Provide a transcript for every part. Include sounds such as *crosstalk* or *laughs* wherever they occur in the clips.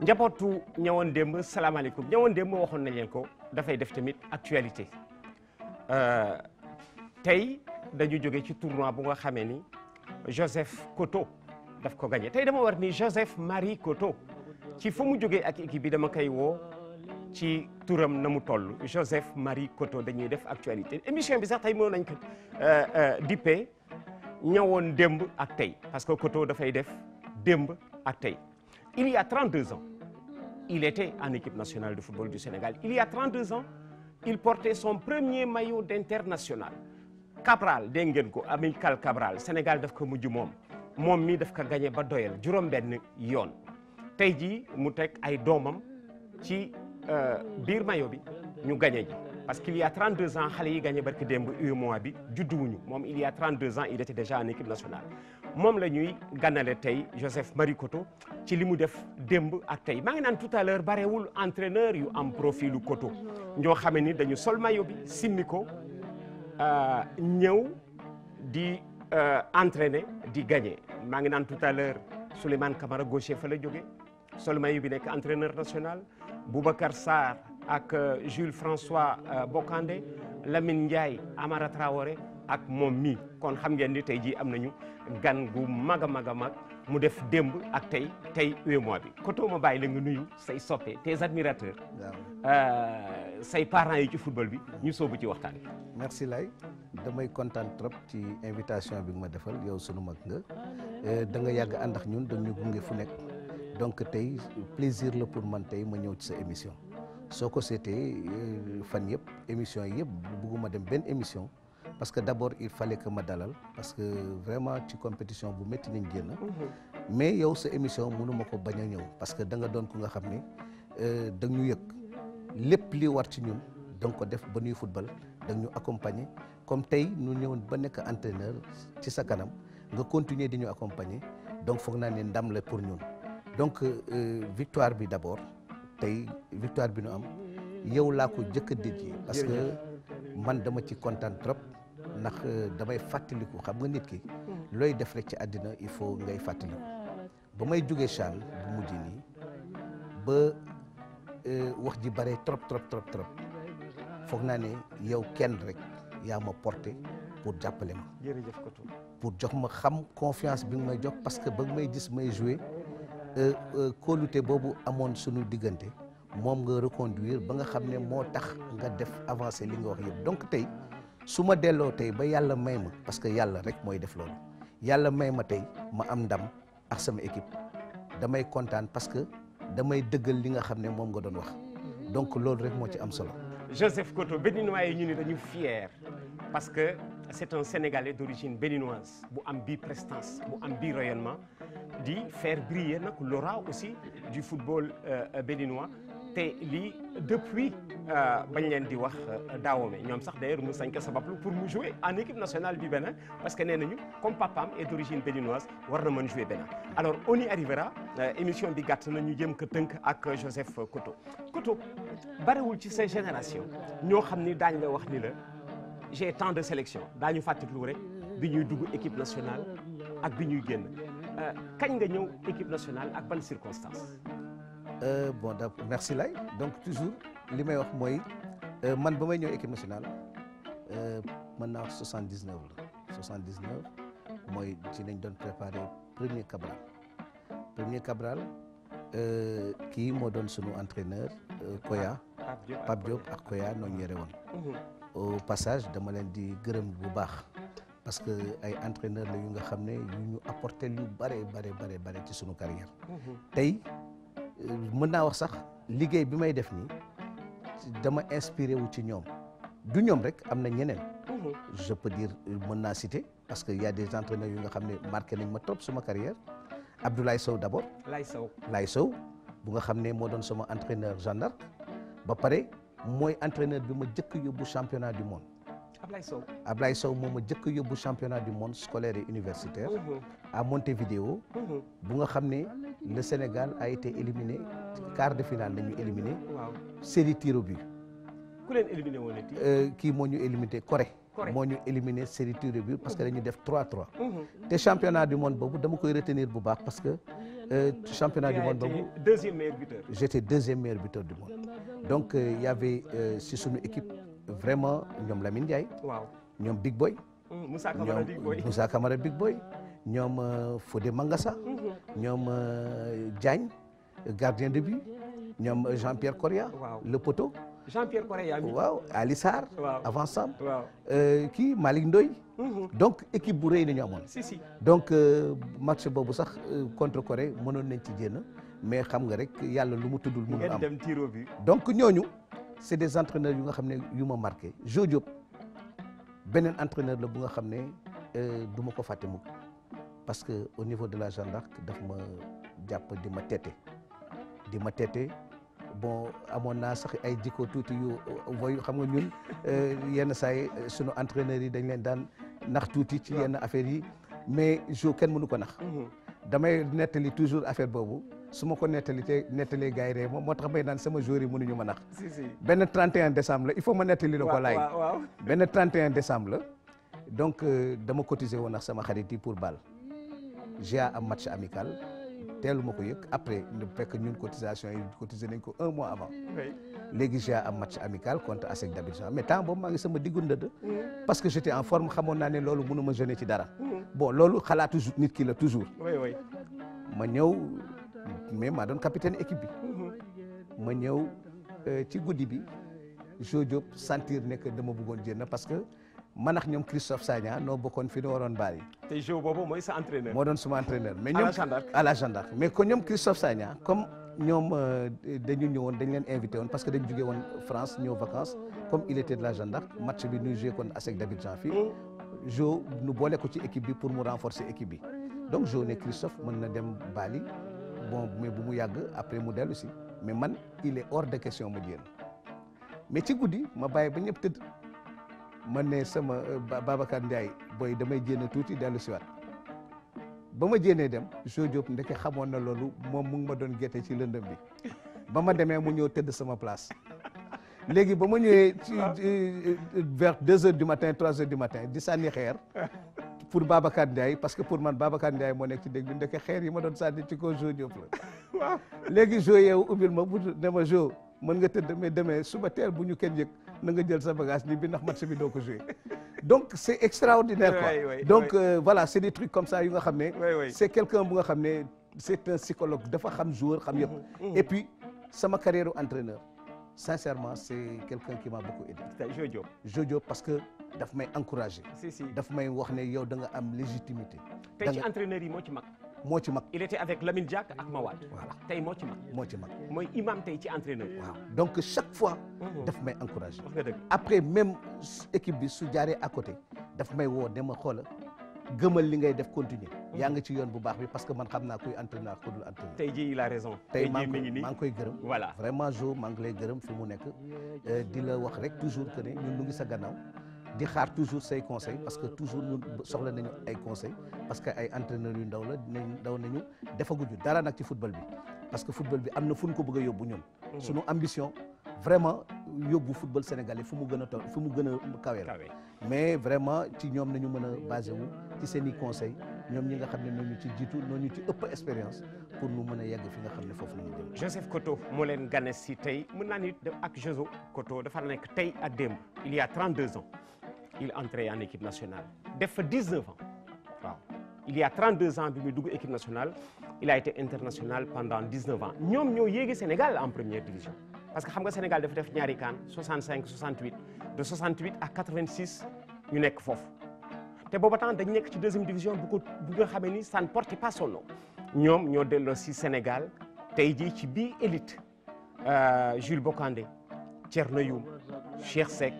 njabootu ñëwoon démb salaamaaleykum ñëwoon démb waxoon nañ leen ko dafay def tamit actualité euh, tey dañu jóge ci tournoi bu nga xamee ni Joseph Koto daf ko gagné tey dama war ni Joseph Marie coto ci fu mu jógee ak équipe bi dama koy woo ci turam na mu toll Joseph Marie coto dañuy def actualité émission bi sax tey moo nañ ko euh, euh, dippee ñëwoon démb ak tey parce que coto dafay def démb ak tey Il y a 32 ans, il était en équipe nationale de football du Sénégal. Il y a 32 ans, il portait son premier maillot d'international. Cabral dégg ngeen ko Amical Cabral Sénégal daf ko mujj moom moom mii daf ka gagné ba doyal juróom-benn yoon tey jii mu teg ay doomam ci euh, biir mayo bi ñu gagné ji. parce qu'il y ans xale yi gagné barki démb UEMOA bi juddu wuñu moom il y a 32 ans il était déjà en équipe nationale moom la ñuy ganale tey Joseph Marie Koto ci li mu def démb ak tey maa ngi naan tout à l'heure barewul entraîneur yu am profilu Koto ñoo xame ni dañu sol maillot bi simmi ko euh, ñëw di euh, entraîner di gagner maa ngi naan tout à l'heure Souleymane Camara gaucher fa la jóge sol maillot bi nekk entraîneur national Boubacar Sarr ak euh, Jules François Bocandé Lamine Ndiaye Amara Traoré ak moom mii kon xam ngeen ni tey jii am nañu gan gu mag a mag a mag mu def démb ak tey tey UEMOA bi Koto ma bàyyi la nga nuyu say soppe tes admirateurs. waaw euh, parents yi ci football bi. ñu soobu ci waxtaan bi. merci lay damay kontaan trop ci invitation bi ma defal yow sunu mag nga euh, da nga yàgg ànd ñun dañu gunge fu nekk donc tey plaisir la pour man tey ma ñëw ci sa émission soo ko seetee euh, fan yëpp émission yëpp bugguma dem benn émission. parce que mm-hmm. d' abord il fallait que ma dalal parce que vraiment ci compétition bu métti nañ génn. Mm-hmm. mais yow sa émission mënu ko bañ a ñëw parce que da nga doon ku nga xam ni euh, da ñu yëg lépp li war ci ñun da ko def ba nuy football da ñu accompagner comme tey ñu ñëw ba nekk entraîneur ci sa kanam nga continuer di ñu accompagner donc foog naa ne ndam la pour ñun donc euh, victoire bi d' abord tey victoire bi nu am yow laa ko jëkk a dédié parce que man dama ci kontaan trop ndax euh, damay fàttaliku xam nga nit ki. Hmm. looy def rek ci àddina il faut ngay fàttaliku. ba may jugee Charles bu mujj nii ba euh, wax ji bare trop trop trop trop foog naa ne yow kenn rek yaa ma porté pour jàppale ma. jërëjëf ko pour jox ma xam confiance bi nga may jox parce que ba nga may gis may jouer euh, kóolute boobu amoon sunu diggante moom nga reconduire ba nga xam ne moo tax nga def avancer li nga wax yëpp donc tey. su ma delloo tey ba yàlla may ma parce que yàlla rek mooy def loolu yàlla may ma tey ma am ndam ak sama équipe damay kontaan parce que damay dëggal li nga xam ne moom nga doon wax donc loolu rek moo ci am solo. Joseph Koto béninois yi ñu ni dañu fier parce que c'est un Sénégalais d'origine béninoise bu am bii prestance bu am bii rayonnement di faire briller nag l'aura aussi du football euh, euh, béninois. te lii depuis euh, bañ leen di wax euh, Dahomey ñoom sax d'ailleurs mu sañ ko sabablu pour mu jouer en équipe nationale du Bénin parce que nee nañu comme papaam est d'origine béninoise war na man jouer Bénin alors on y arrivera euh, émission bi gàtt na ñu jëm ko tënk ak Joseph coto Koto barewul ci sa génération ñoo xam ni daañ la wax ni la j'ai tant de sélection daañu fàttaliku rek bi ñuy dugg équipe nationale ak bi ñuy génn kañ nga ñëw équipe nationale ak ban circonstance Euh, bon donc merci lay donc toujours li may wax mooy euh, man ba may ñëw équipe nationale euh, mën naa wax soixante dix neuf la soixante dix mooy ci nañ doon préparé premier Cabral premier Cabral kii moo doon sunu entraîneur Koya Pape Diop ak Koya noo yore woon mhm. au passage dama leen di gërëm bu baax parce que ay entraîneur la yu nga xam ne yu ñu apporté lu bare bare bare bare ci sunu carrière mhm. mën naa wax sax liggéey bi may def nii dama inspiré wu ci ñoom du ñoom rek am na ñeneen. Mhm. je peux dire mën naa citer parce que y des entraîneurs yu nga xam ne marqué nañ ma trop suma carrière Abdoulaye Sow d' abord. Laye Sow Laye Sow bu nga xam ne moo doon sama entraîneur gendarme ba pare mooy entraîneur bi ma jëkk yóbbu championnat du monde. Ablaye Sow Ablaye Sow moom ma jëkk yóbbu championnat du monde scolaire et universitaire. Mhm. à Montevideo. Mhm. bu nga xam ne le Sénégal a été éliminé quart de finale la ñu éliminé. waaw série tir au but. ku leen éliminé woon euh, kii moo ñu éliminé Corée. moo ñu éliminé série tir au but parce que dañu def 3-3. Mhm. te championnat du monde boobu dama koy retenir bu baax parce que. Euh, championnat du monde boobu deuxième meilleur buteur. j'étais deuxième meilleur buteur du monde. donc euh, y avait euh, si suñu équipe vraiment ñoom Lamine Ndiaye. waaw ñoom Big Boy. Mm, Moussa Kamara Big Boy ñoom Moussa Kamara Big Boy. ñoom euh, Fodé Mangassa mhm. ñoom euh, Diagne gardien de but ñoom euh, Jean-Pierre Correa le poteau Jean-Pierre Correa waaw Ali Sarr kii Malick Ndoye mhm. donc équipe bu rey na ñu amoon si si donc match boobu sax contre Corée mënoon nañ ci génn mais xam nga rek yàlla lu mu tuddul mënul am dem tiro bi donc ñooñu c'est des entraîneurs yu nga xam ne yu ma marqué Jo Diop beneen entraîneur la bu nga xam ne du ma ko fàtte mukk parce que au niveau de la Jeanne d'Arc daf ma jàpp di ma tete di ma tete bon amoon naa sax ay jikko tuuti yu voyu xam nga ñun *laughs* euh, yenn saay yi euh, sunu entraîneurs yi dañ leen daan nax tuuti ci yenn affaire yi mais jo kenn mënu ko nax mhm. damay nettali toujours affaire boobu su ma ko nettali te nettalee gaay yi ree moom moo tax may naan sama joueurs yi mënuñu ma nax benn 31 décembre la il faut ma nettali la ko laay benn 31 décembre la donc euh, dama cotiser woon nax sama xarit yi pour bal j'ai am match amical teelu ma ko yëg après bu fekk ñun cotisation yi cotisé nañ ko un mois avant. léegi j'ai a match amical contre ASEC d'Abidjan mais temps boobu maa ngi sama diggu ndëdd. parce que j'étais en forme xamoon naa ne loolu mënuma jeûner ci dara. bon loolu xalaatu nit ki la toujours. oui ma ñëw mais ma doon capitaine équipe bi. Mhm. ma ñëw euh, ci guddi bi Jo Diop sentir ne que dama bëggoon jéem na parce que. man ak ñoom Christophe Sagna noo bokkoon fi ñu waroon baal yi. te Géo boobu mooy sa entraîneur. moo doon suma entraîneur mais la gendarme mais ko ñoom Christophe Sagna comme ñoom euh, dañu ñëwoon dañ leen invité woon parce que dañ jóge woon France ñëw vacances comme il était de la gendarme match bi ñuy joué kon ASEC d'Abidjan fii. Oh. Géo ñu boole ko ci équipe bi pour mu renforcer équipe bi donc Géo Christophe mën na dem Bali bon mais bu mu yàgg après mu dellu si mais man il est hors de question mais ci guddi ma bàyyi ba ñëpp tëdd. man ne sama euh, Babacar Ndiaye booy damay jénne tuuti dellu siwaat ba ma jénnee dem Jo Diop ndeke xamoon na loolu moom mu ngi ma doon gerte ci lëndëm bi ba ma demee mu ñëw tëdd sama place léegi ba ma ñëwee ci euh, vers deux heures du matin trois heures du matin di sànni xeer pour Babacar Ndiaye parce que pour man Babacar Ndiaye moo nekk ci dégg bi ndeke xeer yi ma doon sanni ci ko Jo Diop la léegi Jo yow ubbil ma bu ne ma Jo mën nga tëdd mais demee suba teel bu ñu kenn yëg na nga jël sa bagage li bi ndax match bi doo ko joué donc c' est extraordinaire quoi donc euh, voilà c' est des comme ça yu nga xam ne c' est quelqu'un bu nga xam ne c' est un psychologue dafa xam joueur xam yëpp mm-hmm, mm-hmm. et puis sama carrière entraîneur sincèrement c' est quelqu'un qui m'a beaucoup aidé Jojo parce que daf may encouragé daf may wax ne yow da nga am légitimité tey ci entraîneur yi moo ci mag moo ci mag il avec Lamine Diack ak Mawad voilà tey moo ci mag moo ci mag mooy imam tey ci entraîneur waaw donc chaque fois mm-hmm. daf may encouragé wax nga après même équipe bi su jaaree à côté daf may woo ne ma xoola gëmal li ngay def continuer mm-hmm. yaa ngi ci yoon bu baax bi parce que man xam naa kuy entraîneur ku dul entraîneur tey jii il a raison tey maa ngi koy gërëm voilà vraiment Jo maa ngi lay gërëm fi mu nekk euh, di la wax rek toujours que ne ñu ngi sa gannaaw di xaar toujours say conseil parce que toujours ñun soxla nañu ay conseil parce que ay entraîneurs yu ndaw la dinañ ndaw nañu defaguñu dara nag ci football bi parce que football bi am na fu ñu ko bëgg a yóbbu ñun mm. suñu ambition vraiment yóbbu football sénégalais fu mu gën a toll fu mu gën a kawe la mais vraiment ci ñoom nañu mën a basé wu ci seen i conseil ñoom ñi nga xam ne ñooñu ci jiitu ñooñu ci ëpp expérience pour nu mën a yegg fi nga xam ne foofu la ñu jëm Joseph Koto moo leen ganes si tey mën naa ni ak Joso Koto dafa nekk tey ak démb il y a 32 il entre en équipe nationale def fa 19 ans waaw il y a 32 ans bi muy dugg équipe nationale il a été international pendant 19 ans ñoom ñoo yéegi Sénégal en première division parce que xam nga Sénégal dafa def ñaari kaan 65 68 de 68 à 86 ñu nekk foofu te booba temps dañ nekk ci deuxième division bu ko bu nga xamee ni ça ne porte pas son nom ñoom ñoo delloo si Sénégal tey jii ci bii élite euh, Jules Bocandé Thierno Youm Cheikh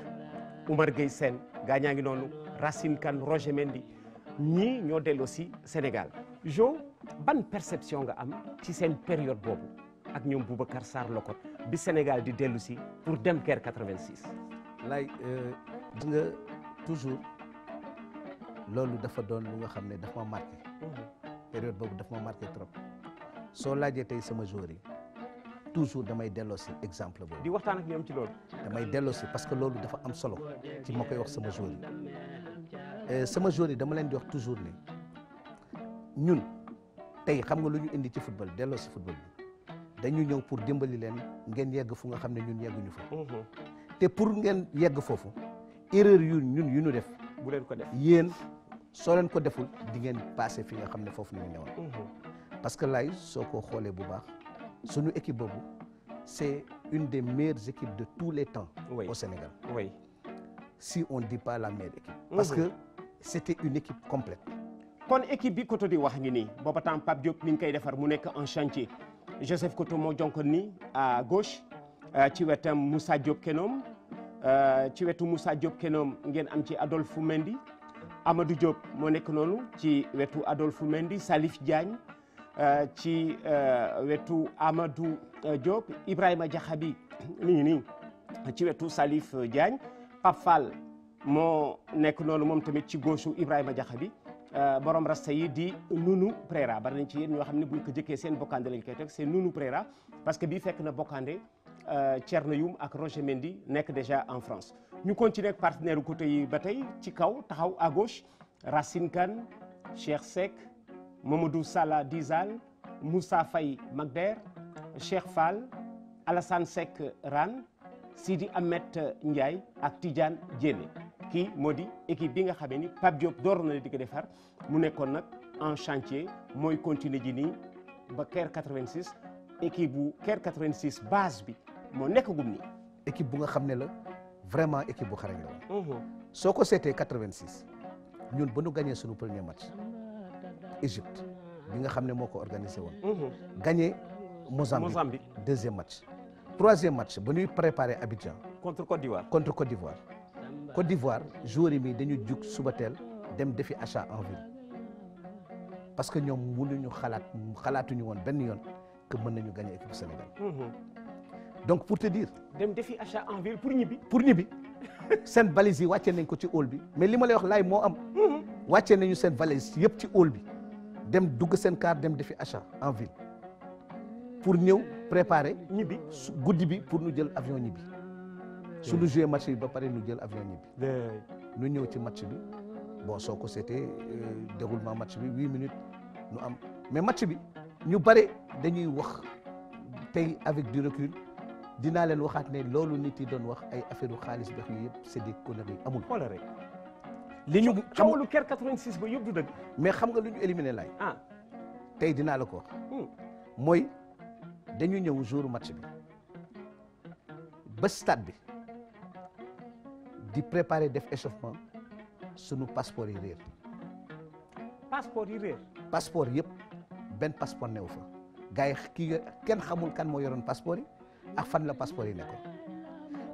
Oumar Gueye seen gaa ñaa ngi noonu Racine Kane Roger Mendy ñii ñoo dellusi Sénégal jo ban perception nga am ci seen période boobu ak ñoom Boubacar Sarr Locotte bi Sénégal di dellu si pour dem guerre 86. lay di nga toujours loolu dafa doon lu nga xam ne daf ma marqué. Mhm. période boobu daf ma marqué trop soo laajee tey sama joueur yi. toujours damay delloo si exemple boobu. di waxtaan ak ñoom ci loolu. damay delloo si parce que loolu dafa am solo ci ma wax sama joueur euh, sama joueur yi dama leen di wax toujours ne ñun tey xam nga lu ñu indi ci football delloo si football bi dañu ñëw pour dimbali leen ngeen yegg fu nga xam ne ñun yegguñu fa. Mhm. te pour ngeen yegg foofu erreur yu ñun yu ñu def. bu leen ko def yéen soo leen ko deful di ngeen passé fi nga xam ne foofu la ñu ñëwoon. Mhm. parce que laay soo ko xoolee bu baax. suñu équipe boobu c'est une des meilleures équipes de tous les temps oui. au Sénégal si on ne dit pas la meilleure équipe mhm. parce que c'était une équipe complète kon équipe bi Koto di wax ngi nii booba temps Pape Diop koy defar mu nekk en chantier Joseph Koto moo jonkon ni à gauche euh, ci wetam Moussa Diop Kenom euh, ci wetu Moussa Diop Kenom ngeen am ci Adolphe Mendy Amadou Diop moo nekk noonu ci wetu Adolphe Mendy Salif Diagne Euh, ci euh, wetu Amadou euh, Diop Ibrahima Diakhabi mi ngi nii ci wetu Salif Diagne Pape Fall moo nekk noonu moom tamit ci gauche Ibrahima Diakhabi borom rasta yi di Nounou Préra bari nañ ci yéen ñoo xam ne buñ ko jëkkee seen bokkande lañ koy teg c'est Nounou Préra parce que bi fekk na bokkande Thierno Youm ak Roger Mendy nekk déjà en France ñu continuer ak partenaire côté ba tey ci kaw taxaw à gauche Racine Kane Cheikh Seck Mamadou Sala Dizal Moussa Faye Magder Cheikh Fall Alassane ran Rann di Ahmed Ndiaye ak Tidiane Diémé kii moo di équipe bi nga xamee ni Pape Diop door na di ko defar mu nekkoon nag en chantier mooy continuer ji nii ba Caire 86 équipe bu Caire 86 base bi moo nekk gum nii. équipe bu nga xam ne la vraiment équipe bu xarañ la mhm. soo ko seetee 86 ñun ba nu gagné sunu premier match. Égypte bi nga xam ne moo ko organisé woon. Mhm. gagné Mozambique Mozambique deuxième match. troisième match ba ñuy préparé Abidjan. contre Côte d'Ivoire contre Côte d'Ivoire. Côte d'Ivoire joueurs yi dañu jug suba teel dem defi achat en ville parce que ñoom mënuñu xalaat xalaatuñu woon benn yoon que mën nañu gagné équipe Sénégal. Mhm. donc pour te dire. dem defi achat en pour ñibbi. pour ñibbi seen valise yi wàccee nañ ko ci hall bi mais li ma lay wax laay moo am. Mhm. wàccee nañu seen valise yëpp ci hall bi. dem dugg seen car dem defi achat en ville pour ñëw préparer. ñibbi guddi bi pour ñu jël avion ñibbi. su ñu joué match bi ba pare ñu jël avion ñibbi. ñu ñëw ci match bi boo soo ko seetee euh, déroulement match bi huit minutes ñu am mais match bi ñu bare dañuy wax tey avec du recul. dinaa leen waxaat ne loolu nit yi doon wax ay affaire xaalis bex yu yëpp c'est des conneries amul. li ñu coow lu ker 86 ba yëpp mais xam nga lu ñu éliminé laay. ah tey dinaa la ko wax. Hmm. mooy dañu ñëw jour match bi ba stade bi di préparer def échauffement sunu passeport yi réer. passeport yi réer. passeport yëpp benn passeport newu fa gars yi kii kenn xamul kan moo yoroon passeport yi ak fan la passeport yi nekkoon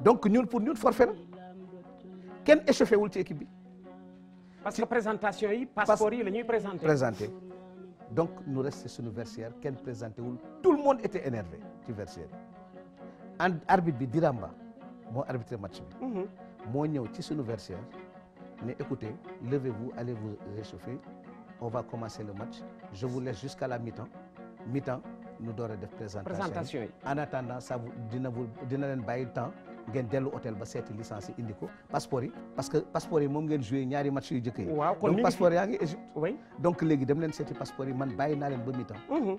donc ñun pour ñun forfait la kenn échauffé wul ci équipe bi. parce que présentation yi passeport yi la ñuy présenté. présenté donc ñu resté suñu vestiaire kenn présenté wul tout le monde était énervé ci vestiaire bi en arbitre bi Diramba moo arbitré match bi. Mhm. moo ñëw ci suñu vestiaire ne écoutez levez-vous allez vous réchauffer on va commencer le match je vous laisse jusqu'à la mi-temps mi-temps ñu door a def présentation yi en attendant vous dina vous dina leen bàyyi temps. ngeen dellu hôtel ba seeti licence yi indi ko passeport yi parce que passeport yi moom ngeen joué ñaari match yu yi donc léegi dem seeti passeport yi man bàyyi naa ba mi mhm.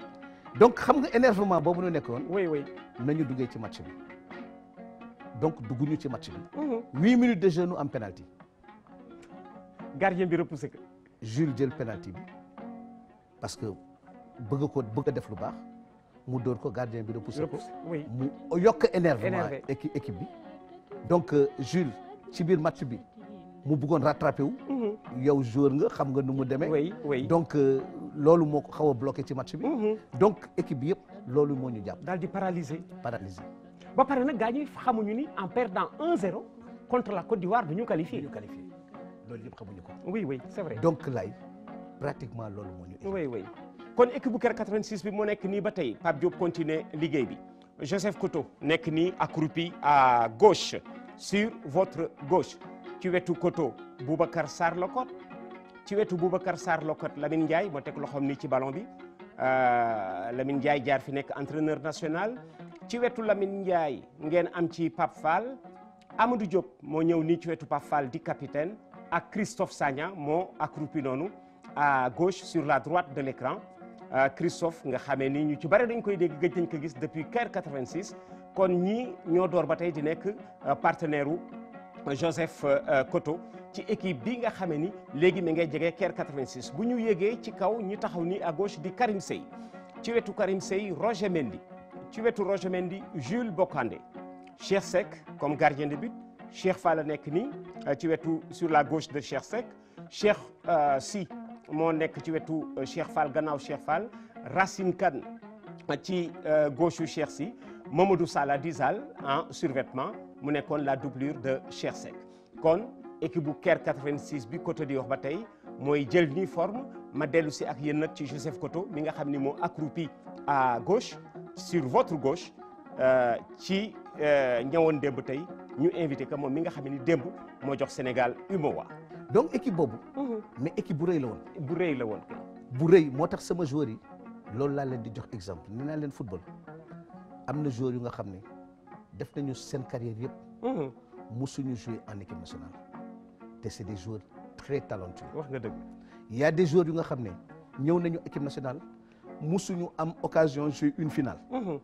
donc xam nga énervement boobu ñu nekkoon oui oui nañu duggee ci match bi donc dugguñu ci match bi mhm. huit minutes de jeu nu am penalty gardien bi repoussé ko jël penalty bi parce que bëgg ko bëgg a def lu baax mu door ko gardien bi repoussé ko mu yokk énervement équipe bi donc euh, Jules ci biir match bi mu buggoon rattrapé wu. Mhm. yow joueur nga xam nga nu mu demee. oui oui donc euh, loolu moo ko xaw a bloqué ci match bi. Mhm. donc équipe bi yëpp loolu moo ñu jàpp. daal di paralysé. paralysé ba pare na gars ñi xamuñu ni en perdant 1-0 contre la Côte d'Ivoire du ñu qualifié. du loolu yëpp xamuñu ko. oui oui c'est vrai. donc lay pratiquement loolu moo ñu. oui oui kon équipe bu keroog bi moo nekk nii ba tey Pape Diop continuer liggéey bi. Joseph coto nekk nii accroupi à gauche sur votre gauche ci wetu Koto Boubacar Sarr Lokot ci wetu Boubacar Sarr Lokot Lamine Ndiaye moo loxoom nii ci ballon bi euh, Lamine Ndiaye jaar fi nekk entraîneur national ci wetu lamin Ndiaye ngeen am ci Pape Fall Amadou Diop moo ñëw nii ci wetu Pape Fall di capitaine ak Christophe Sagna moo accroupi noonu à gauche sur la droite de l'écran Euh, Christophe nga xamee ni ñu ci bare dañ koy dégg gëj nañ ko gis depuis CAIR 86 kon ñii ñoo door ba tey di nekk euh, partenaire u euh, Joseph Koto ci équipe bi nga xamee ni léegi mi ngay jege CAIR 86 bu ñu yégee ci kaw ñi taxaw ni à gauche di Karim Sey ci wetu Karim Sey Roger Mendy ci wetu Roger Mendy Jules Bocandé Cheikh Seck comme gardien de but Cheikh Fall la nekk nii ci wetu sur la gauche de Cheikh Seck Cheikh Sy moo nekk ci wetu euh, Cheikh Fall gannaaw Cheikh Fall Racine Kane euh, ci euh, gauche Cheikh si Mamadou Sala Dizal en survêtement mu nekkoon la doublure de Cheikh Seck kon équipe bu Caire 86 bi Koto di wax ba tey mooy jël forme ma dellu si ak yéen nag ci Joseph Koto mi nga xam ni moo accroupi à gauche sur votre gauche ci ñëwoon démb tey ñu invité ko moom mi nga xam ni démb moo jox Sénégal UMOA. donc équipe boobu. Mhm. mais équipe bu rëy la woon. bu rëy la woon. bu rëy moo tax sama joueur yi loolu laa leen di jox exemple ni naa leen football am na joueur yu nga xam ne def nañu seen carrière yëpp. musuñu mhm. jouer en équipe nationale te c'est des joueurs très talentueux. wax nga dëgg. y des joueurs yu nga xam ne ñëw nañu équipe nationale musuñu am occasion jouer une finale. Mhm.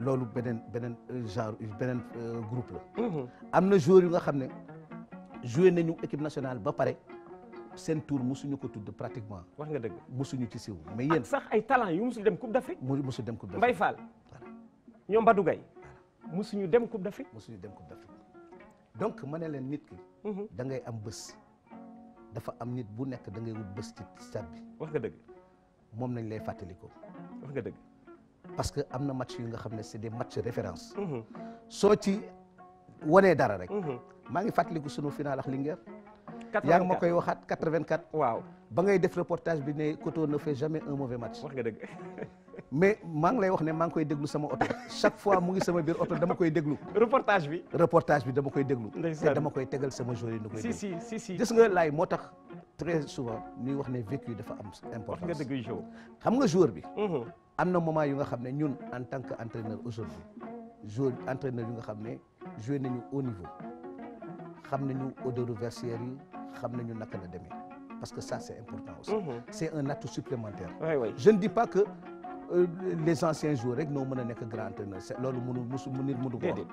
loolu beneen beneen euh, genre beneen euh, groupe la. am na joueurs yu nga xam ne. joué nañu équipe nationale ba pare seen tour mosuñu ko tudd pratiquement. wax nga dëgg mosuñu ci siw mais yéen sax ay talent yu mosul dem coupe d'Afrique. mosu dem coupe d'Afrique Mbaye Fall. dem coupe d'Afrique. donc ma ne leen nit ki. Mhm. da ngay am bés. dafa am nit bu nekk da ngay wut bés bi. moom lañ lay fàttalikoo. parce que am na match yu nga xam ne c'est des matchs référence. Mhm. soo ci wanee dara rek. Mhm. maa ngi fàttaliku sunu final ak Linguère. 84 yaa ngi ma koy waxaat 84. waaw ba ngay def reportage bi ne Koto ne fait jamais un mauvais match. wax nga dëgg. *laughs* mais maa ngi lay wax ne maa ngi koy déglu sama oto chaque fois mu ngi sama biir oto dama koy déglu. reportage bi. reportage bi dama koy déglu. te dama koy tegal sama jour yi ñu koy déglu. si si si gis nga laay moo tax très souvent ñuy wax ne vécu dafa am importance. wax nga dëgg jour. xam nga joueur bi. Mm-hmm. am na moment yu nga xam ne ñun en tant que entraîneur aujourd'hui joueur entraîneur yu nga xam ne joué nañu au niveau. xam nañu odoru versaire yi xam nañu naka la demee parce que ça c'est important aussi mhm. c'est un atout supplémentaire je ne dis pas que euh, les anciens joueurs rek noo mën a nekk grand entraîneur loolu mënu musu mu nit mënu ko wax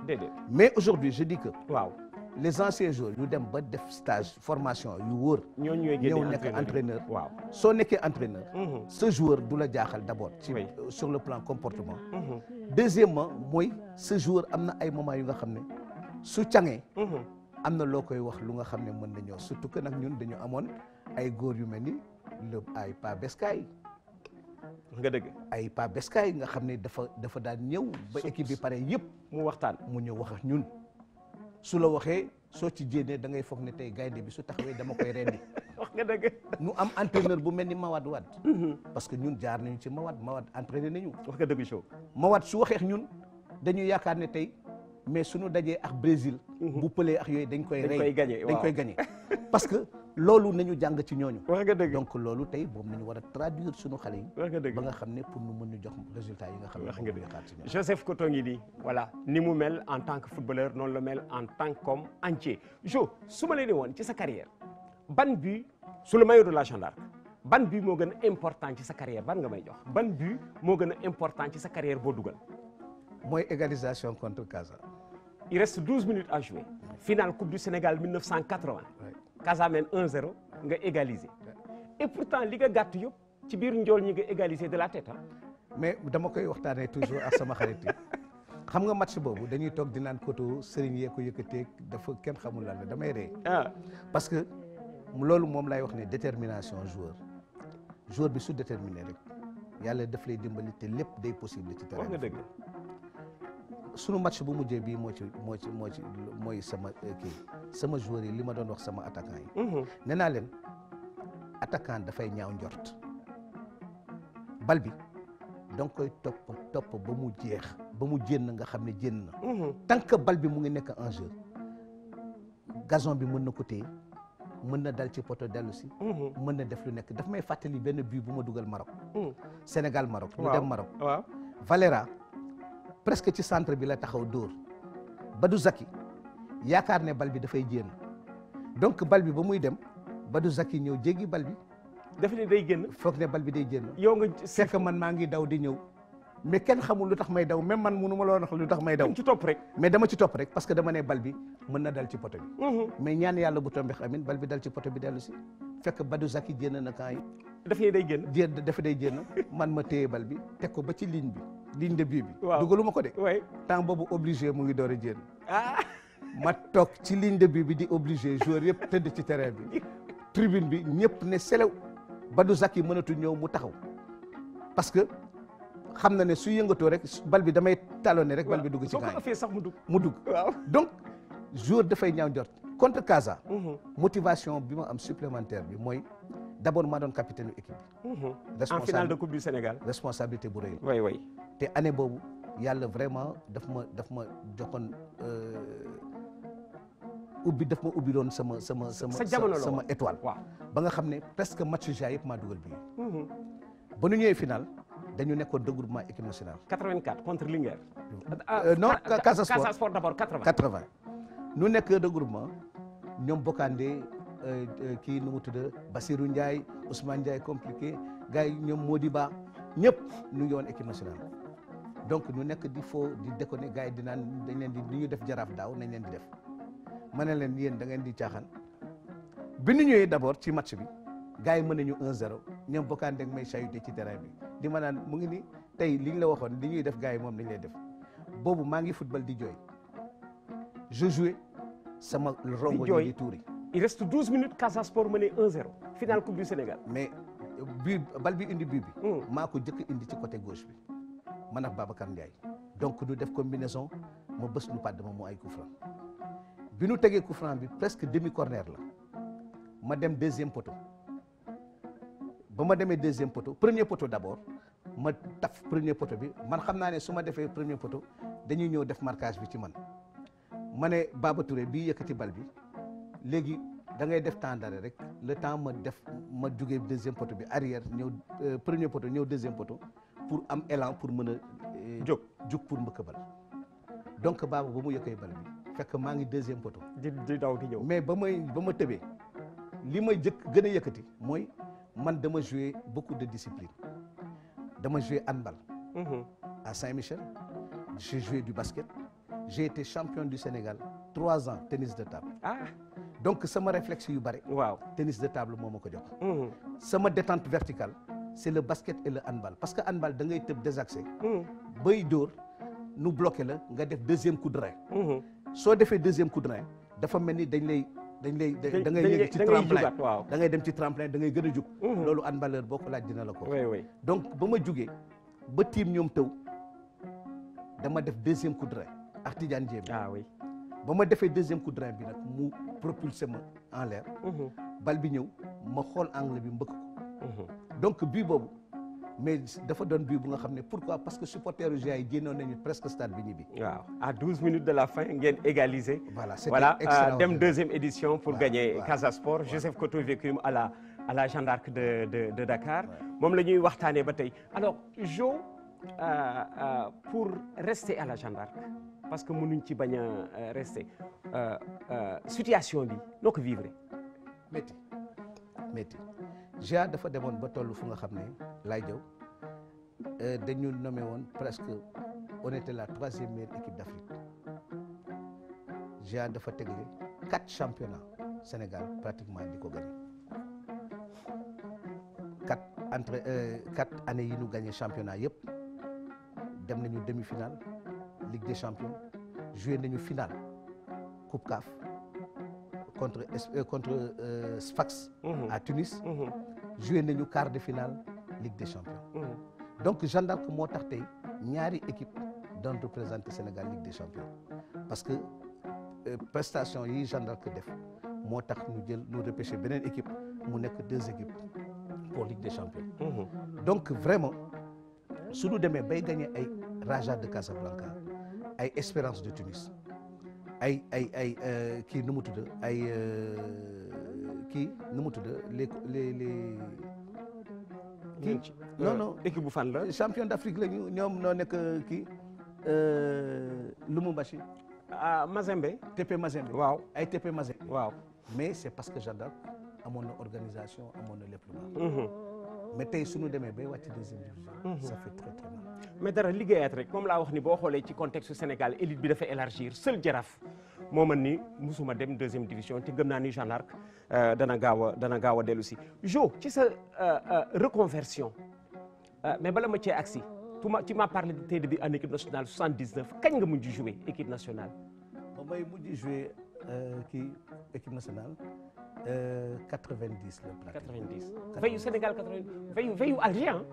mais que waaw les anciens joueurs dem ba def stage formation yu wóor ñëw nekk entraîneur waaw soo nekkee entraîneur mhm. ce joueur du la jaaxal d'abord ci euh, sur le plan comportement mhm. deuxièmement mooy ce joueur am na ay moments yu nga xam ne su cangee am na loo koy wax lu nga xam ne mën na ñëw surtout que nag ñun dañu amoon ay góor yu mel ni le ay pa beskaay nga dëgg ay pa beskaay nga xam ne dafa dafa daan ñëw ba équipe bi pare yëpp mu waxtaan mu ñëw wax ñun su la waxee soo ci jénnee da ngay foog ne tey gaynde bi su taxawee dama koy rendi *laughs* wax nga dëgg ñu am entraîneur bu mel ni Mawad Wade mhm. parce que ñun jaar nañu ci Mawad Mawad entraîné nañu wax nga dëgg show Mawad su waxee ñun dañuy yaakaar ne tey mais suñu dajee ak Brésil. Mhm. bu pëlee ak yooyu dañ koy. dañ koy gagné dañ koy gagné *laughs* parce que loolu nañu jàng ci ñooñu. wax nga donc loolu tey boobu nañu war a traduire suñu xale yi. ba nga xam ne pour nu mën ñu jox résultat yi nga xam ne. wax nga dëgg Joseph Koto ngi nii voilà ni mu mel en tant que footballeur noonu la mel en tant qu'homme entier Jo su ma leen woon ci sa carrière ban but sous le maillot de la gendarme ban but moo gën a important ci sa ban nga may jox ban but moo gën a important ci sa carrière boo dugal. mooy égalisation contre Casa. il reste douze minutes à jouer. finale coupe du Sénégal 1980. Casa mène 1-0 nga égaliser. et pourtant li nga gàtt yëpp ci biir njool ñi nga égaliser de la tête ah. mais dama koy waxtaanee toujours ak sama xarit yi xam nga match boobu dañuy toog dinaan naan koto sëriñ yee ko yëkkateeg dafa kenn xamul laal la damay ree. Ah. parce que loolu moom lay wax ne détermination joueur joueur bi su déterminé rek yàlla daf lay dimbali te lépp day possible ci terrain. wax sunu match bu mujjee bii moo ci moo ci moo ci mooy sama eh, kii sama joueur yi li ma doon wax sama attaquant yi. Mhm. nee naa dafay ñaaw njort. bal bi da koy topp topp ba mu jeex ba mu na nga xam ne jénn na. Mhm. tant que bal bi mu ngi nekk en jeu gazon bi mën na ko téye na dal ci poto dellu si. Mhm. mën na def lu nekk daf may fàttali benn bii bu ma dugal Maroc. Sénégal Maroc. ñu dem Maroc. Valera. presque ci centre bi la taxaw dóor Badou Zaki yaakaar ne bal bi dafay génn donc bal bi ba muy dem Badou Zaki ñëw jéggi bal bi. daf ne day génn. foog ne bal bi day génn. yow nga fekk man maa ngi daw di ñëw. mais kenn xamul lu tax may daw même man munu ma la wax lu tax may daw. ci topp rek mais dama ci topp rek que dama ne bi mën na dal ci mhm. mais ñaan yàlla bu tombé bi dal ci poto bi dellu si. fekk Badou Zaki génn na kaay. daf day génn. daf day génn man ma téye bal bi teg ko ba ci ligne bi. ligne de bii bi. waaw dugaluma ko de. oui temps boobu obligé mu ngi door a jéem. Ah. *laughs* ma toog ci ligne de bii bi di obligé joueur yëpp tëdd ci terrain bi. tribune bi ñëpp ne selew Badou Zaki mënatu ñëw mu taxaw parce que xam na ne su yëngatoo rek bal bi damay talonné rek. bal bi dugg ci kaa yi sax mu dug mu dugg donc joueur dafay ñaaw njort contre Casa. Mhm. motivation bi ma am supplémentaire bi mooy d' abord maa doon capitaine u équipe bi. Mhm. en finale de coupe du Sénégal. responsabilité bu rëy la. oui te année boobu yàlla vraiment dafa ma daf ma joxoon euh, ubbi daf ma ubbi doon sama sama sama. sa jamono sama étoile. waaw ba nga xam ne presque match ja yëpp maa dugal bi mhm. ba nu ñëwee final dañu nekkoon regroupement équipe nationale. 84 contre Linguère. Ah, euh, non Casa Sport Casa Sport d' abord 80. 80 nu nekk regroupement ñoom bokkaande. Euh, euh, kii nu mu tudd Basirou Ndiaye Ousmane Ndiaye compliqué gars yi ñoom Mody Ba ñëpp ñu ngi woon équipe nationale donc ñu nekk di foo di déconné gars yi di naan leen di ñu def jaraaf daaw nañ leen di def ma ne leen yéen da ngeen di caaxaan bi nu ñëwee d' abord ci match bi gars yi mën nañu un 0 ñoom bokkaan deg may sayute ci terrain bi di manaan mu ngi ni tey li ñu la waxoon li ñuy def gars yi moom lañ lay def boobu maa ngi football di jooy je jouais sama rongo ñu di tuuri il reste 12 minutes Casa Sport mené 1-0 finale coupe du Sénégal. mais bii bal bi indi bii bi. Hmm. maa ko jëkk indi ci côté gauche bi man ak Babacar Ndiaye. donc ñu def combinaison ma bës ñu pàdd ma mu ay coup franc bi ñu tegee coup franc bi presque demi corner la ma dem deuxième poteau ba ma demee deuxième poteau premier poteau d'abord ma taf premier poteau bi man xam naa ne su ma defee premier poteau dañuy ñëw def marquage bi ci man ma ne Baba Touré bii yëkkati bal bi. léegi da ngay def temps d'arrêt rek le temps ma def ma jugee deuxième poteau bi arrière ñëw euh, premier poteau ñëw deuxième poteau pour am élan pour mën a. Euh, jóg jug pour mbëkk bal. donc baaba ba mu yëkkee bal bi fekk maa ngi deuxième poteau. di di daw di ñëw mais ba may ba ma tëbee li may jëkk gën a yëkkati mooy man dama joué beaucoup de discipline dama joué handball. Mhm. à Saint-Michel j'ai joué du basket j'ai été champion du Sénégal trois ans tennis de donc sama réflexe yu bëri. waaw tennis de table moo ma ko jox. Mm-hmm. sama détente vertical c' le basket et le handball parce que handball da ngay tëb désaxé. Mm-hmm. bay dóor nu bloqué la nga def deuxième coup de rein. Mm-hmm. soo defee deuxième coup de rein dafa mel ni dañ lay. dañ lay da ngay yëg da ngay dem ci tremplin dangay ngay gën a jug loolu handballeur boo ko laaj dina la ko donc ba ma jugee ba tiim ñoom taw dama def deuxième coup de rein ak Tidiane ba ma defee deuxième coup de rein bi nag mu propulsé ma en l'air mhm. bal bi ñëw ma xool angle bi mbëkk ko mhm. donc bii boobu mais dafa doon bii bu nga xam ne pourquoi parce que supporters UGA yi génnoon nañu presque stade bi ñibbi. waaw à minutes de la fin ngeen égaliser. voilà c'était voilà euh, dem deuxième édition pour gagner Casa Sport Joseph Koto vécu à la à la Jeanne de de de Dakar. moom la ñuy waxtaanee ba tey alors Jo euh, euh, pour rester à la Jeanne parce que mënuñ ci bañ a euh, rester euh, euh, situation bi noo ko vivre métti métti ja dafa demoon ba toll fu nga xam ne laay jaw dañu nommé woon presque on était la troisième meilleure équipe d'Afrique ja dafa tegle quatre championnats Sénégal pratiquement di ko gagné quatre entre quatre années yi nu gagné championnat yëpp dem nañu demi-finale Ligue des Champions joué nañu finale Coupe CAF contre euh, contre euh, Sfax. Mhm. à Tunis. Mhm. joué nañu quart de finale Ligue des Champions. Mhm. donc Jeanne moo tax tey ñaari équipe doon représenté Sénégal Ligue des Champions parce que euh, prestation yi Jeanne d'Arc def moo tax ñu jël ñu repêché beneen équipe mu nekk deux équipes pour Ligue des Champions. donc vraiment su ñu demee bay gagné ay Raja de Casablanca. ay Espérance de Tunis ay ay ay euh, kii nu mu tudd ay euh, kii nu mu tudd les les les. kii non non équipe bu fan la. champion d' Afrique la ñu ñoom noo nekk euh, kii Lumumbashi. ah Mazembe. TP Mazembe waaw ay TP Mazembe. waaw mais c' est parce que Jeanne d'Arc amoon na organisation amoon na lépp lu baax. Mhm. mais tey suñu demee bay wàcc deuxième division mhm. ça fait dara liggéeyaat rek moom laa wax ni boo xoolee ci contexte Sénégal élite bi dafa élargir seul jaraaf moo man ni musuma dem deuxième division ti gëm naa ni Jean euh, dana gaaw a dana gaaw a dellu si Jo ci sa euh, euh, reconversion mais la ma cee agsi tu ma tu de parlé tey de bi en équipe nationale 79 kañ nga mujj jouer équipe nationale. ba may jouer kii équipe nationale. 90 la. 90 veillu Sénégal 90 veillu veillu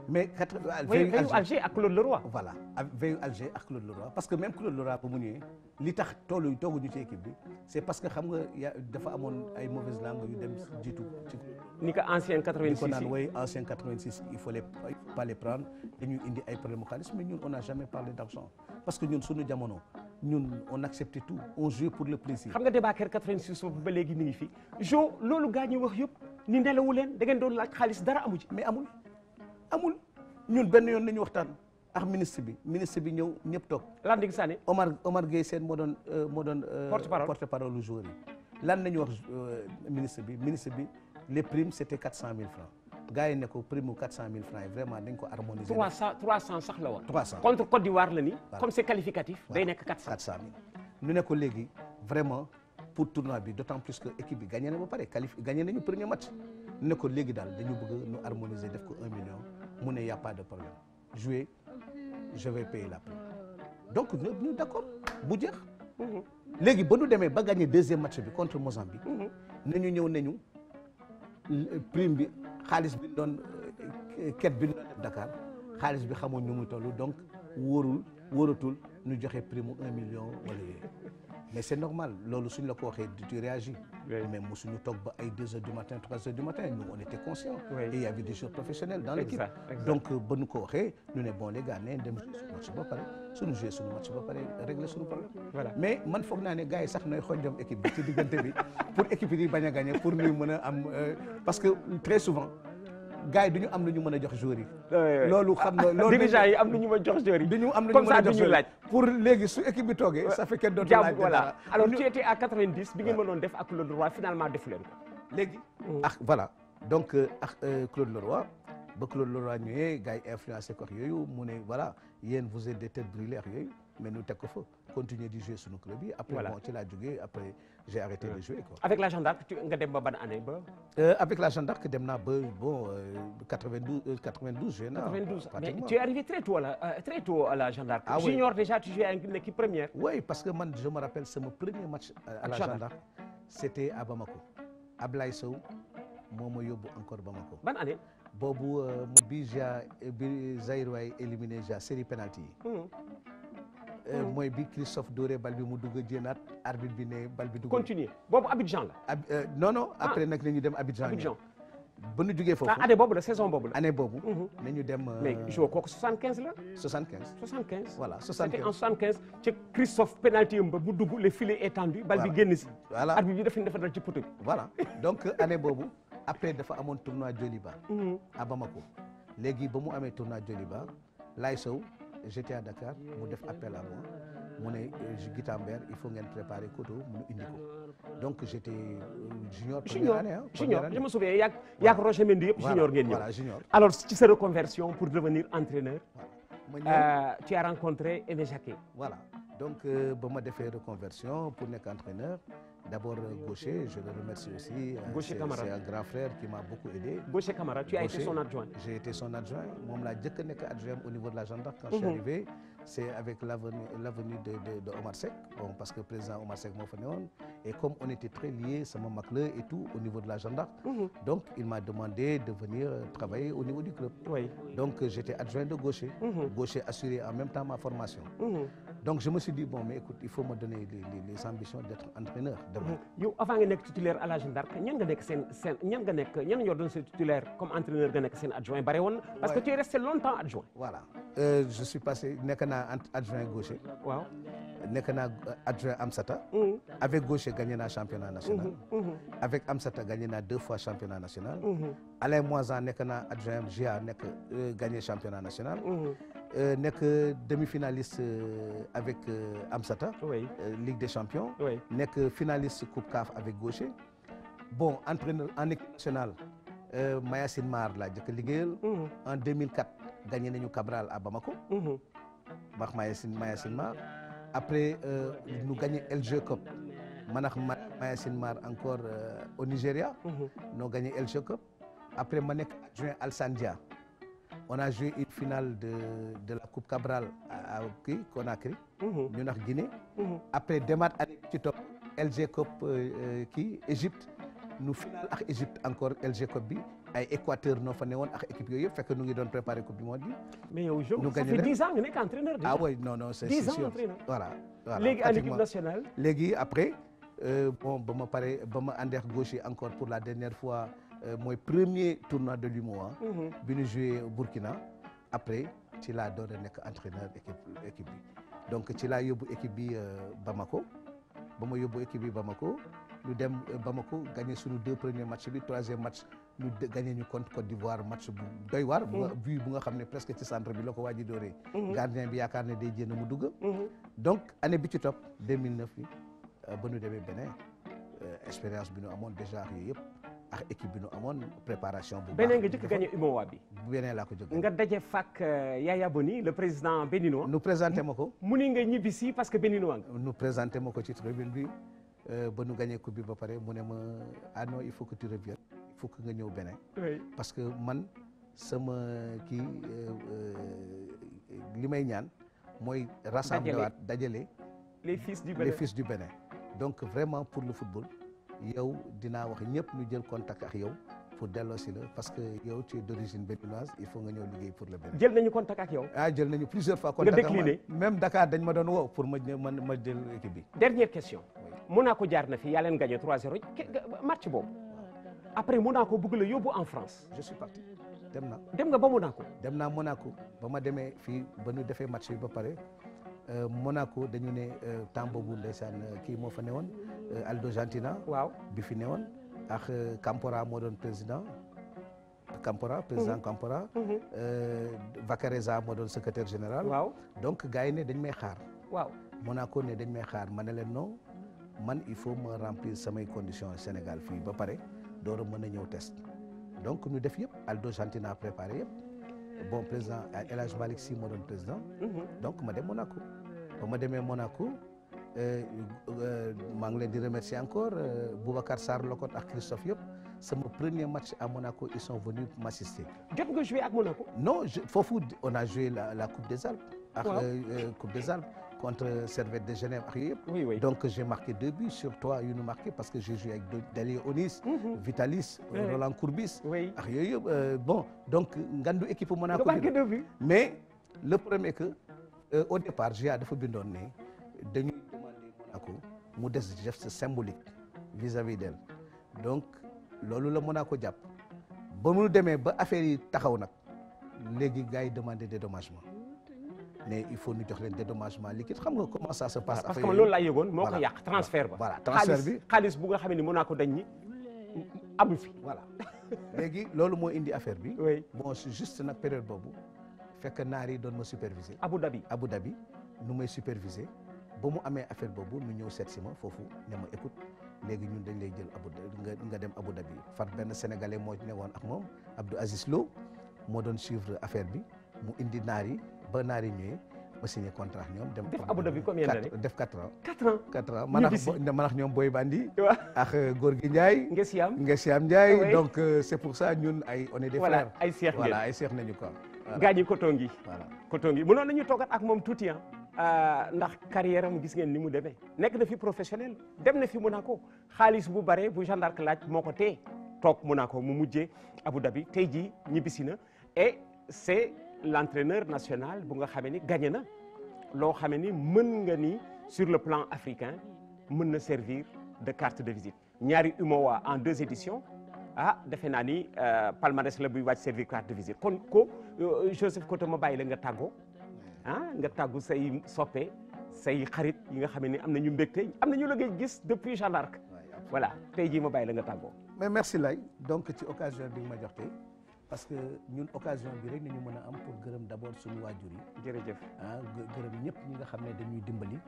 mais 80 veillu Alger ak Claude Leroy. voilà ak veillu Alger ak Claude Leroy parce que même Claude Leroy ba mu ñëwee li tax toolu tooguñu ci équipe bi c' parce que xam nga y' dafa amoon ay mauvaise langue yu dem jiitu ci. ni ko ancien 86 yi ko il faut les prendre dañuy indi problème mu xaalis mais ñun on n'a jamais parlé d' parce que ñun suñu jamono. ñun on acceptait tout on jouait pour le plaisir. xam nga débat kër 86 ba loolu gaa ñi wax yëpp ni nelawu leen da ngeen doon laaj xaalis dara amu ci mais amul amul ñun benn yoon nañu waxtaan ak ministre bi ministre bi ñëw ñëpp toog Landing Sané Omar Omar Gueye Sène moo doon euh, doon euh, porte parole u joueur yi lan nañu wax euh, ministre bi ministre bi les primes c' était quatre cent mille francs gars yi ne ko prime mu quatre cent mille francs yi vraiment dañ ko harmoniser. pour tournoi bi d' autant plus que équipe bi gagné na ba pare qualif gagné nañu premier match ne ko léegi daal dañu bëgg nu harmoniser def ko un million mu ne y' a pas de problème jouer je vais payer la prime donc ñu d' accord bu jeex. Mhm. léegi ba nu demee ba gagné deuxième match bi contre Mozambique. Mhm. nañu ñëw nañu prime bi xaalis bi doon ket euh, bi ñu doon def Dakar xaalis bi xamoon ñu mu toll donc wóorul wóoratul nu joxe prime mu un million wala yooyu. mais c' est normal loolu suñ la ko waxee tu réagis mais mosuñu toog ba ay deux heures du matin trois heures du matin nous on était conscients et il y avait des joueurs professionnels dans l' équipe donc euh, ba ñu ko waxee ñu ne bon les gars nañ dem suñu match ba pare suñu joué suñu match ba pare régler suñu problème mais man foog naa ne gars yi sax nooy xooj dem équipe bi ci diggante bi *laughs* pour équipe yi bañ a gagné pour ñuy mën a am euh, parce que très souvent gars yi du ñu am lu ñu mën a jox joueurs loolu xam nga ah, loolu am lu ñu a jox joueurs yi du ñu am lu ñu mën a jox joueurs yi pour léegi su équipe bi toogee ça fait que dootul laaj voilà alors tu étais à 90 bi ngeen mënoon def ak Claude Leroy finalement defu leen ko léegi mm. ah voilà donc euh, ah euh, Claude Leroy ba Claude Leroy ñëwee gars yi influencé ko ak yooyu mu ne voilà yéen vous êtes des têtes brûlées ak yooyu mais nu teg ko fa continuer di jouer suñu club yi après bon ci laa jogee après j'ai arrêté de jouer quoi. avec la Jeanne d'Arc nga dem ba ban année ba. Euh, avec la Jeanne d'Arc dem naa ba bon 92 euh, 92 euh, tu arrivé très tôt à la très ah junior déjà tu jouais à une équipe première. parce que je me rappelle sama premier match. à la Jeanne c'était à Bamako. Ablaye Sow moo ma yóbbu encore Bamako. ban année. boobu bi ja bi éliminé ja série penalty Euh, mooy bi Christophe Doré bal bi mu dugg a jéenaat arbitre bi ne bal bi dugg continuer boobu Abidjan la ab euh, non non ah. après nag la ñu dem Abidjan Abidjan ba ñu jugee foofu ah, année boobu la boobu la boobu mhm. na ñu dem euh, mais joué kooku 75 la 75 75 voilà 75 c'était en 75 ci Christophe penalty ba mu dugg le filet étendu bal bi génn si voilà arbitre bi dafa dafa dal ci poteau bi voilà donc année boobu après dafa amoon tournoi Joliba mhm. à Bamako léegi ba mu amee tournoi Joliba Laye Sow j'étais à Dakar mu def appel à moi mu ne euh, Guitambert il faut ngeen préparer koto mu indi ko donc j'étais euh, junior. première année junior je me souviens yaa yaa ko Roger junior ngeen junior. alors ci sa reconversion pour devenir entraîneur. voilà ma euh, ñëw tu as Jacquet. voilà. donc euh, ba ma defee reconversion pour nekk entraîneur d'abord euh, Gaucher je le remercie aussi. Euh, Gaucher Camara c'est un grand frère qui m'a beaucoup aidé. Gaucher Camara tu as été son adjoint. j'ai été son adjoint moom laa jëkk a nekk adjoint au niveau de la gendarmerie. quand je suis mhm. arrivé c'est avec l'avenue l'avenue de de de Omar Seck bon parce que président Omar Seck moo fa newoon et comme on était très liés sama mag la et tout au niveau de la gendarmerie. Mhm. donc il m'a demandé de venir travailler au niveau du club. oui donc j'étais adjoint de Gaucher. Mhm. Gaucher assurait en même temps ma formation. donc je me suis dit bon mais écoute il faut me donner les les, les ambitions d'être entraîneur demain. Mm. yow avant nga nekk titulaire à la Jeanne d'Arc ñan nga nekk seen seen ñan nga nekk ñan ñoo doon seen titulaire comme entraîneur nga nekk seen adjoint bare woon. parce que tu es resté longtemps adjoint. voilà euh, je suis passé nekk naa adjoint gaucher. waaw nekk naa euh, adjoint Amsata. Mm. avec gaucher gagné naa championnat national. Mm-hmm. Mm-hmm. avec Amsata gagné naa deux fois championnat national. Mm-hmm. Alain Moisan nekk naa adjoint GA nekk euh, gagné championnat national. Euh, nekk demi-finaliste euh, avec euh, Amsata. oui Ligue des champions. oui nekk finaliste Coupe CAF avec Gaucher. bon entraîneur en équipe nationale Mar laa jëkk liggéeyal. Mhm. en 2004 gagné nañu Cabral à Bamako. wax mhm. Mayacine Mayacine Mar. après ñu gagné LG Cup manax Mayacine Mar encore au Nigéria. Mhm. noo gagné LG Cup. après ma nekk adjoint Alsandia. on a joué une finale de de la coupe Cabral à kii Conakry. Mhm. ñu nax Guinée. Mhm. après demaat année ci topp LG Cup euh, euh, kii Égypte nu finale ak Égypte encore LG Cup bi ay Équateur noo fa newoon ak équipe yooyu yëpp fekk nu ngi doon préparé coupe du monde bi. mais nekk entraîneur. ah oui non non c'est sûr voilà. voilà léegi à l'équipe nationale. léegi après euh, bon ba ma pare ba ma àndeex gauche encore pour la dernière fois. Euh, mooy premier tournoi de l'UMOA mhm. bi ñu joué Burkina après ci laa doon nekk entraîneur équipe équipe bi donc ci laa yóbbu équipe bi euh, Bamako ba ma yóbbu équipe bi Bamako ñu dem euh, Bamako gagné suñu deux premier matchs bi troisième match ñu gagné ñu contre Côte d'Ivoire match bu doy waar. Mhm. bu nga bu nga xam ne presque ci centre bi la ko waaj a dooree. Mhm. gardien bi yaakaar ne day jéem mu dugg. donc année bi ci topp 2009 bi ba ñu demee Bénin expérience bi nu amoon déjà yooyu yëpp. ak équipe bi amoon préparation. bu baax beneen nga jëkk gagné UMOA bi. beneen laa ko jóg nga daje fàkk euh, Yaya Boni le président béninois. nu présenté ma ko. mu ni nga ñibbi si parce que béninois nga. nu présenté ma ko ci tribune bi euh, ba nu gagné coupe ba pare mu ne ma ah non il faut que tu reviennes il faut que nga ñëw beneen. parce que man sama kii euh, li may ñaan mooy. rassembler dajale les fils du Bénin fils du Bénin donc vraiment pour le football. yow dinaa wax ñëpp ñu jël contact ak yow pour si la parce que yow tu es d'origine béninoise il faut nga ñëw liggéey pour le Bénin. jël nañu contact ak yow. ah jël nañu plusieurs fois. dañ ma doon woo pour ma man ma jël équipe bi. dernière question. Monaco jaar na fi yaa leen gagné 3-0 match boobu après Monaco bëgg la yóbbu en France. je suis parti dem na. dem nga ba Monaco. dem naa Monaco ba ma demee fii ba nu defee match bi ba pare euh, Monaco dañu ne euh, temps boobu ndeysaan euh, kii moo fa woon Euh, Aldo Gentina. waaw bi fi newoon ak Campora euh, moo doon président. Campora président Campora. Mhm. Mhm. Euh, Vacareza moo doon secrétaire général. donc gars yi ne dañ may xaar. waaw Monaco ne dañ may xaar ma ne leen no man il faut ma remplir samay condition Sénégal fii ba pare door a mën a ñëw test. donc ñu def yëpp Aldo Gentina préparé yëpp bon président El Hadj Malick président. Mhm. donc ma dem Monaco ba ma demee Monaco. Eh, maa ngi leen di remercier encore eh, Boubacar Sarr Lokot ak Christophe yëpp sama premier match à Monaco ils sont venus m'assister. jot nga joué ak Monaco. non foofu on a joué la la Coupe des Alpes. ak eh, Coupe des Alpes contre Servette de Genève ak yooyu yëpp. donc j'ai marqué deux buts sur trois yu nu marqué parce que j'ai joué avec Dalio Onis. Mhm. Vitalis Roland Courbis. oui ak yooyu yëpp bon donc ngandu équipe Monaco. nga marqué deux buts mais le premier que au départ GIA dafa bindoon ne dañuy. Monaco mu des geste symbolique vis-à-vis d'elle donc loolu la Monaco jàpp ba mu demee ba affaire yi taxaw nag léegi gars yi demandé dédommagement mais il faut ñu jox leen dédommagement liquide xam nga comment ça se passe. parce que man loolu laa yëgoon moo ko yàq transfert ba. voilà transfert bi xaalis bu nga xam dañ ñi amu fi. voilà léegi loolu moo indi affaire bi. oui bon juste nag période boobu fekk naar yi doon ma superviser. Abu Dhabi nu may superviser. ba mu amee affaire boobu mu ñëw seet si ma foofu ne écoute léegi ñun dañ lay jël Abu nga nga dem Abu Dhabi far benn sénégalais moo ne woon ak moom Abdou Aziz Lo moo doon suivre affaire bi mu indi naar yi ba naar yi ñëwee ma signé contrat ñoom. dem def Abu Dhabi combien d'années def quatre ans. quatre ans quatre ans man ak ñoom Boy Bandi. waaw ak euh, góor gi Ndiaye. Ngesiam Ngesiam Ndiaye ah donc euh, c' est pour ça ñun ay on est des ay seex ngeen voilà ay seex nañu quoi. gaañi Kotongi. voilà Kotongi mënoon nañu toogat ak moom tuuti ah. Euh, ndax carrière am gis ngeen ni mu demee nekk na fi professionnel dem na fi Monaco xaalis bu bare bu Jeanne laaj moo ko tee toog Monaco mu mujjee Abu Dhabi tey jii ñibbisi na e c'est l'entraîneur national bu nga xamee ni gagné na loo xamee ni mën nga ni sur le plan africain mën na servir de carte de visite ñaari UMOA en deux éditions ah defe naa ni euh, palmarès la buy wàcc servir carte de visite kon ko euh, Joseph Koto ma bàyyi la nga tàggoo. ah nga tàggu say soppe say xarit yi nga xam ne am na nañu mbégte am nañu la ngay gis depuis Jeanne d'Arc voilà tey jii ma bàyyi la nga tàggoo. mais merci lay donc ci occasion bi nga ma jox tey parce que ñun occasion bi rek na ñu mën a am pour gërëm d' abord suñu waajur yi. jërëjëf ah gërëm ñëpp ñi nga xam ne dañuy dimbali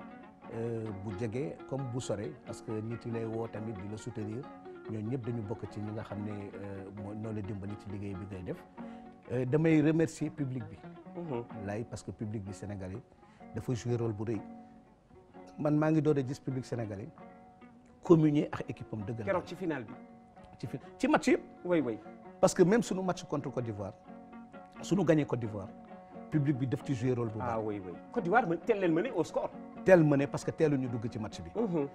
euh, bu jege comme bu sore parce que nit yi lay woo tamit di la soutenir ñooñu ñëpp dañu bokk ci ñi nga xam ne euh, moo noo la dimbali ci liggéey bi ngay def euh, damay remercier public bi. Mhm. lay parce que public bi sénégalais dafa jouer rôle bu rëy man maa ngi doon gis public sénégalais communier ak équipe am dëgg keroog ci final bi. ci fi ci match yëpp. way way parce que même suñu match contre Côte d'Ivoire suñu gagné Côte d'Ivoire public bi daf ci jouer rôle bu baax. ah way way Côte d'Ivoire teel leen mené au score. que teelu ñu dugg ci match bi. Mhm.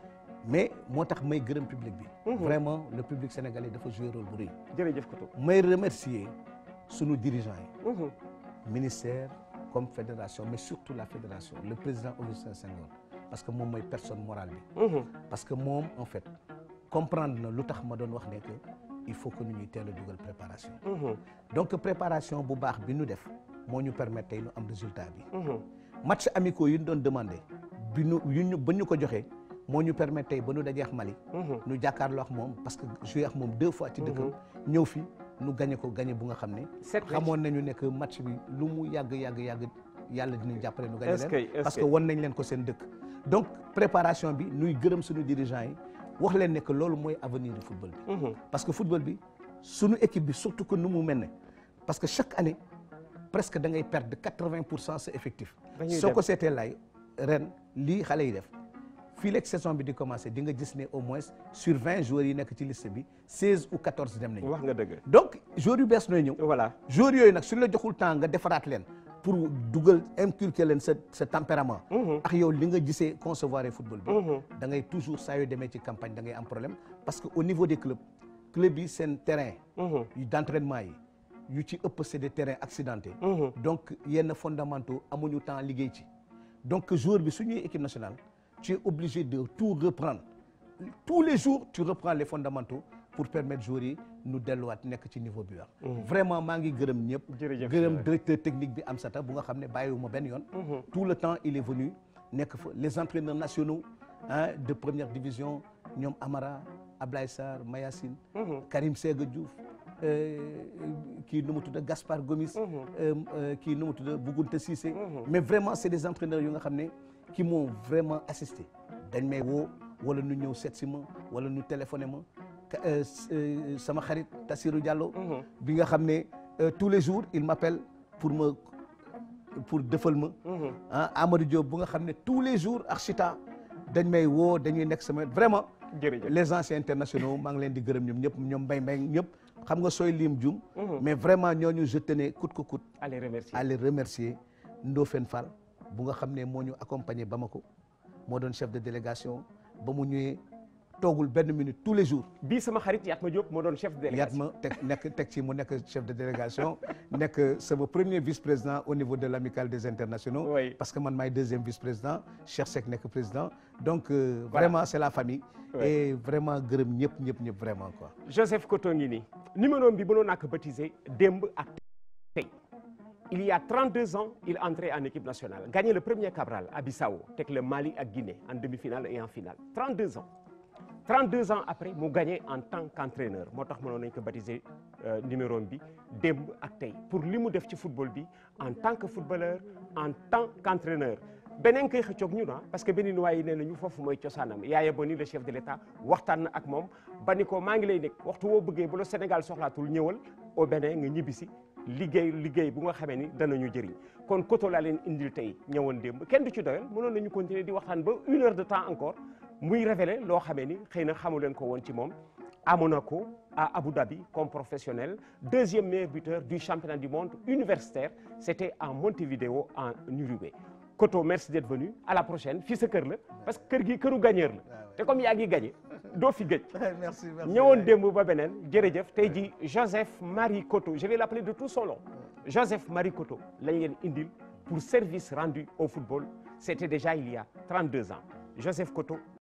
mais moo tax may gërëm public bi. Mhm. vraiment le public sénégalais dafa jouer rôle bu rëy. jërëjëf Koto. may remercier sunu dirigeants ministère comme fédération mais surtout la fédération le président Augustin Senghor parce que moom mooy personne morale bi mhm. parce que moom en fait comprendre na lu tax ma doon wax ne que il faut que nu ñuy teel a dugal préparation mhm. donc préparation bu baax bi ñu def moo ñu permettre tey ñu am résultat bi mhm. match amicaux yi ñu doon demandé bi ñu yuñu ko joxee moo ñu permettre tey ba ñu dajeex Mali ñu jàkkaarloo ak moom parce que joué ak moom deux fois ci dëkkam nu gagné ko gagné bu nga xam ne. xamoon nañu ne que match bi lu mu yàgg yàgg yàgg yàlla dinañ jàppale nu gagné leen parce que wan nañ leen ko seen dëkk. donc préparation bi nuy gërëm sunu dirigeants yi wax leen ne que loolu mooy avenir du football bi. Mm-hmm. parce que football bi suñu équipe bi surtout que nu mu mel ne parce que chaque année presque da ngay perdre quatre-vingt pour cent sa effectif. soo ko seetee lay ren lii xale yi def. fii léegi saison bi di commencé di nga au moins sur vingt yi nekk ci liste bi seize ou quatorze dem nañu. donc joueurs yu bees nooy ñëw. voilà yooyu nag suñu la joxul temps defaraat leen. pour dugal inculquer sa sa tempérament. Mhm. ak yow li nga gisee football bi. Mhm. da ngay toujours saa yoo demee ci campagne da am problème parce que au niveau des clubs club yi seen terrain. Mhm. d' entraînement yi yu ci ëpp c' est des donc yenn fondamentaux tu es obligé de tout reprendre tous les jours tu reprends les fondamentaux pour permettre joueurs yi ñu nekk ci niveau bi mhm. vraiment maa ngi gërëm ñëpp gërëm directeur technique bi Amsata bu nga xam ne bàyyiwuma benn yoon mhm. tout le temps il est venu nekk fa les entraîneurs nationaux ah de première division ñoom Amara Ablaye Sarr mhm. Karim Séga Diouf euh, kii nu mu tudd Gomis euh, euh, kii nu mu tudd Bougounta mais vraiment c'est des entraîneurs yu nga xam ne qui m'ont vraiment assisté dañ may woo wala nu ñëw seet si ma wala ñu téléphoné ma euh, euh, sama xarit ta Tassirou Diallo. Mhm. bi nga xam ne euh, tous les jours il m'appelle pour ma pour defal ma. Mhm. ah Amadou Diop bu nga xam ne tous les jours Archita dañ may woo dañuy nekk sama vraiment. jërëjëf les anciens internationaux maa ngi leen di gërëm ñoom ñëpp ñoom mbay mbay ñëpp xam nga sooy lim jum. Mhm. mais vraiment ñooñu je tenais coûte que coûte. à les remercier à fen remercier bu nga xam ne moo ñu accompagné Bamako moo doon chef de délégation ba mu ñëwee toogul benn minute tous les jours. bii sama xarit Yatma Diop moo doon chef de délégation Yatma teg nekk teg ci mu nekk chef de délégation *laughs* nekk sama premier vice président au niveau de l'amicale des internationaux. Oui. parce que man maay deuxième vice président Cheikh Seck nekk président donc. Euh, voilà. vraiment c'est la famille. Oui. et vraiment gërëm ñëpp ñëpp ñëpp vraiment quoi. Joseph Koto ngi nii numéro bi mënoon naa ko baptiser démb ak il y a 32 ans, il entrait en équipe nationale. Gagné le premier Cabral à Bissau, avec le Mali à Guinée, en demi-finale et en finale. 32 ans. 32 ans après, il gagné en tant qu'entraîneur. Je suis baptisé euh, numéro 1 Demb Aktei. Pour lui, il fait football en tant que footballeur, en tant qu'entraîneur. beneen kay xëccoog ñu na ah, parce que béninois yi ne na ñu foofu mooy cosaanam yaaya bo ni le chef de l' état waxtaan ak moom ko maa ngi lay nekk waxtu woo bëggee bu la Sénégal soxlaatul ñëwal au Bénin nga ñibbisi liggéey liggéey bu nga xamee ni danañu jëriñ kon koto laa leen indil tey ñëwoon démb kenn du ci doyal mënoon nañu continuer di waxtaan ba une heure de temps encore muy révélé loo xamee ni xëy na xamu leen ko woon ci moom à Monaco à Abu Dhabi comme professionnel deuxième meilleur buteur du championnat du monde universitaire c'était en Montevideo en Uruguay Koto merci d'être venu à la prochaine fii sa kër la parce que kër gi këru gagneur la ah te comme yaa ngi gagné doo fi gëj *laughs* merci ñëwoon démb ba beneen jërëjëf tey ji Joseph Marie Koto je vais l'appeler de tout solo nom Joseph Marie Koto lañ leen indil pour service rendu au football c'était déjà il y a 32 ans Joseph Koto